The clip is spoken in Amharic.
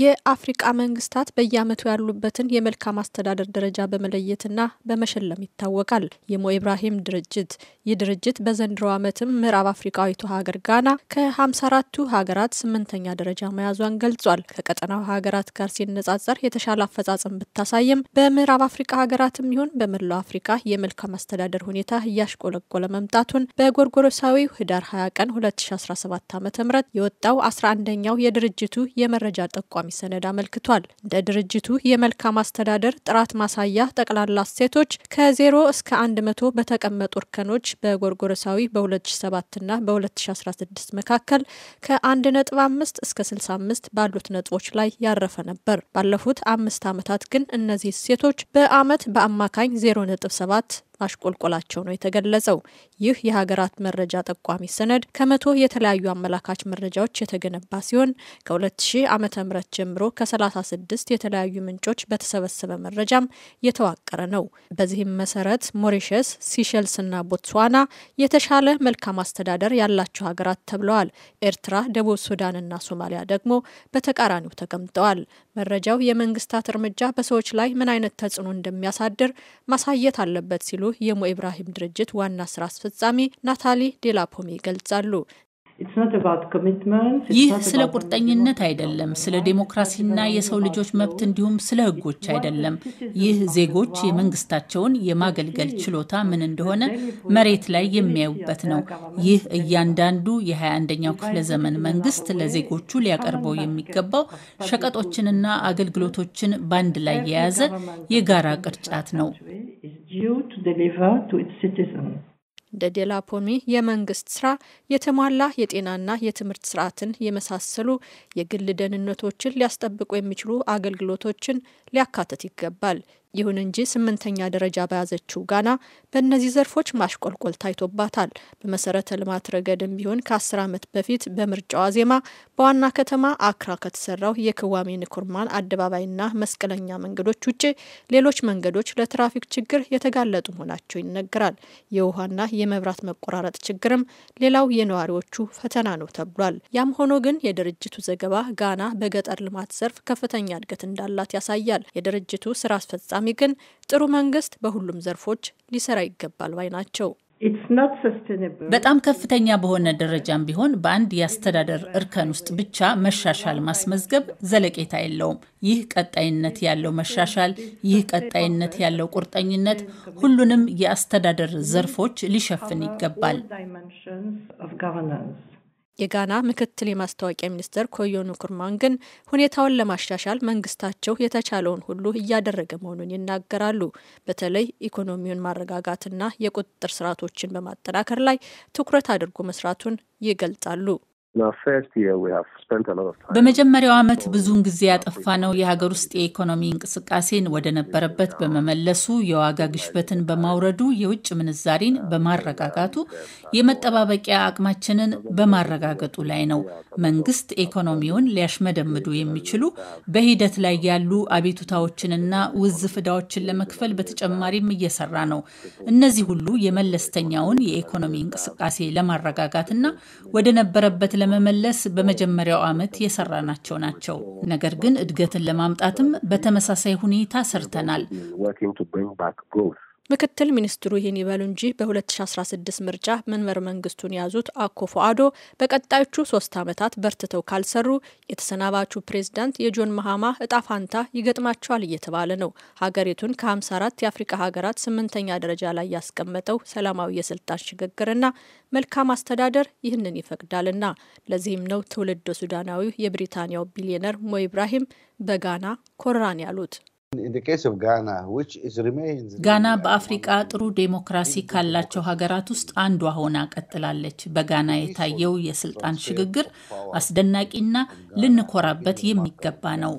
የአፍሪቃ መንግስታት በየአመቱ ያሉበትን የመልካም አስተዳደር ደረጃ በመለየትና በመሸለም ይታወቃል የሞ ኢብራሂም ድርጅት። ይህ ድርጅት በዘንድሮ ዓመትም ምዕራብ አፍሪካዊቱ ሀገር ጋና ከ 54 ሀገራት ስምንተኛ ደረጃ መያዟን ገልጿል። ከቀጠናው ሀገራት ጋር ሲነጻጸር የተሻለ አፈጻጸም ብታሳይም በምዕራብ አፍሪካ ሀገራትም ይሁን በመላው አፍሪካ የመልካም አስተዳደር ሁኔታ እያሽቆለቆለ መምጣቱን በጎርጎሮሳዊው ህዳር 20 ቀን 2017 ዓ ም የወጣው 11ኛው የድርጅቱ የመረጃ ጠቋሚ ቋሚ ሰነድ አመልክቷል። እንደ ድርጅቱ የመልካም አስተዳደር ጥራት ማሳያ ጠቅላላ እሴቶች ከዜሮ እስከ እስከ 100 በተቀመጡ እርከኖች በጎርጎረሳዊ በ2007ና በ2016 መካከል ከ1.5 እስከ 65 ባሉት ነጥቦች ላይ ያረፈ ነበር። ባለፉት አምስት ዓመታት ግን እነዚህ እሴቶች በአመት በአማካኝ 0.7 ማሽቆልቆላቸው ነው የተገለጸው። ይህ የሀገራት መረጃ ጠቋሚ ሰነድ ከመቶ የተለያዩ አመላካች መረጃዎች የተገነባ ሲሆን ከ2000 ዓ ም ጀምሮ ከ36 የተለያዩ ምንጮች በተሰበሰበ መረጃም የተዋቀረ ነው። በዚህም መሰረት ሞሪሸስ፣ እና ቦትስዋና የተሻለ መልካም አስተዳደር ያላቸው ሀገራት ተብለዋል። ኤርትራ፣ ደቡብ ሱዳን እና ሶማሊያ ደግሞ በተቃራኒው ተቀምጠዋል። መረጃው የመንግስታት እርምጃ በሰዎች ላይ ምን አይነት ተጽዕኖ እንደሚያሳድር ማሳየት አለበት ሲሉ የሞ ኢብራሂም ድርጅት ዋና ስራ አስፈጻሚ ናታሊ ዴላፖሚ ይገልጻሉ። ይህ ስለ ቁርጠኝነት አይደለም፣ ስለ ዴሞክራሲና የሰው ልጆች መብት እንዲሁም ስለ ህጎች አይደለም። ይህ ዜጎች የመንግስታቸውን የማገልገል ችሎታ ምን እንደሆነ መሬት ላይ የሚያዩበት ነው። ይህ እያንዳንዱ የ21ኛው ክፍለ ዘመን መንግስት ለዜጎቹ ሊያቀርበው የሚገባው ሸቀጦችንና አገልግሎቶችን በአንድ ላይ የያዘ የጋራ ቅርጫት ነው። እንደ ዴላፖሚ የመንግስት ስራ የተሟላ የጤናና የትምህርት ስርዓትን የመሳሰሉ የግል ደህንነቶችን ሊያስጠብቁ የሚችሉ አገልግሎቶችን ሊያካትት ይገባል። ይሁን እንጂ ስምንተኛ ደረጃ በያዘችው ጋና በእነዚህ ዘርፎች ማሽቆልቆል ታይቶባታል። በመሰረተ ልማት ረገድም ቢሆን ከአስር ዓመት በፊት በምርጫዋ ዜማ በዋና ከተማ አክራ ከተሰራው የክዋሜ ንኩርማን አደባባይና መስቀለኛ መንገዶች ውጭ ሌሎች መንገዶች ለትራፊክ ችግር የተጋለጡ መሆናቸው ይነገራል። የውሃና የመብራት መቆራረጥ ችግርም ሌላው የነዋሪዎቹ ፈተና ነው ተብሏል። ያም ሆኖ ግን የድርጅቱ ዘገባ ጋና በገጠር ልማት ዘርፍ ከፍተኛ እድገት እንዳላት ያሳያል። የድርጅቱ ስራ አስፈጻሚ በተቃራኒ ግን ጥሩ መንግስት በሁሉም ዘርፎች ሊሰራ ይገባል ባይ ናቸው። በጣም ከፍተኛ በሆነ ደረጃም ቢሆን በአንድ የአስተዳደር እርከን ውስጥ ብቻ መሻሻል ማስመዝገብ ዘለቄታ የለውም። ይህ ቀጣይነት ያለው መሻሻል፣ ይህ ቀጣይነት ያለው ቁርጠኝነት ሁሉንም የአስተዳደር ዘርፎች ሊሸፍን ይገባል። የጋና ምክትል የማስታወቂያ ሚኒስትር ኮዮ ኩርማን ግን ሁኔታውን ለማሻሻል መንግስታቸው የተቻለውን ሁሉ እያደረገ መሆኑን ይናገራሉ። በተለይ ኢኮኖሚውን ማረጋጋትና የቁጥጥር ስርዓቶችን በማጠናከር ላይ ትኩረት አድርጎ መስራቱን ይገልጻሉ። በመጀመሪያው ዓመት ብዙውን ጊዜ ያጠፋነው የሀገር ውስጥ የኢኮኖሚ እንቅስቃሴን ወደ ነበረበት በመመለሱ የዋጋ ግሽበትን በማውረዱ የውጭ ምንዛሪን በማረጋጋቱ የመጠባበቂያ አቅማችንን በማረጋገጡ ላይ ነው። መንግስት ኢኮኖሚውን ሊያሽመደምዱ የሚችሉ በሂደት ላይ ያሉ አቤቱታዎችንና ውዝፍ ዕዳዎችን ለመክፈል በተጨማሪም እየሰራ ነው። እነዚህ ሁሉ የመለስተኛውን የኢኮኖሚ እንቅስቃሴ ለማረጋጋትና ወደ ነበረበት ለመመለስ በመጀመሪያው ዓመት የሰራናቸው ናቸው። ነገር ግን እድገትን ለማምጣትም በተመሳሳይ ሁኔታ ሰርተናል። ምክትል ሚኒስትሩ ይህን ይበሉ እንጂ በ2016 ምርጫ መንበር መንግስቱን ያዙት አኮፎ አዶ በቀጣዮቹ ሶስት ዓመታት በርትተው ካልሰሩ የተሰናባቹ ፕሬዝዳንት የጆን መሃማ እጣ ፋንታ ይገጥማቸዋል እየተባለ ነው። ሀገሪቱን ከ54 የአፍሪካ ሀገራት ስምንተኛ ደረጃ ላይ ያስቀመጠው ሰላማዊ የስልጣን ሽግግርና መልካም አስተዳደር ይህንን ይፈቅዳልና ለዚህም ነው ትውልድ ሱዳናዊው የብሪታንያው ቢሊዮነር ሞ ኢብራሂም በጋና ኮራን ያሉት። ጋና በአፍሪቃ ጥሩ ዴሞክራሲ ካላቸው ሀገራት ውስጥ አንዷ ሆና ቀጥላለች። በጋና የታየው የስልጣን ሽግግር አስደናቂና ልንኮራበት የሚገባ ነው።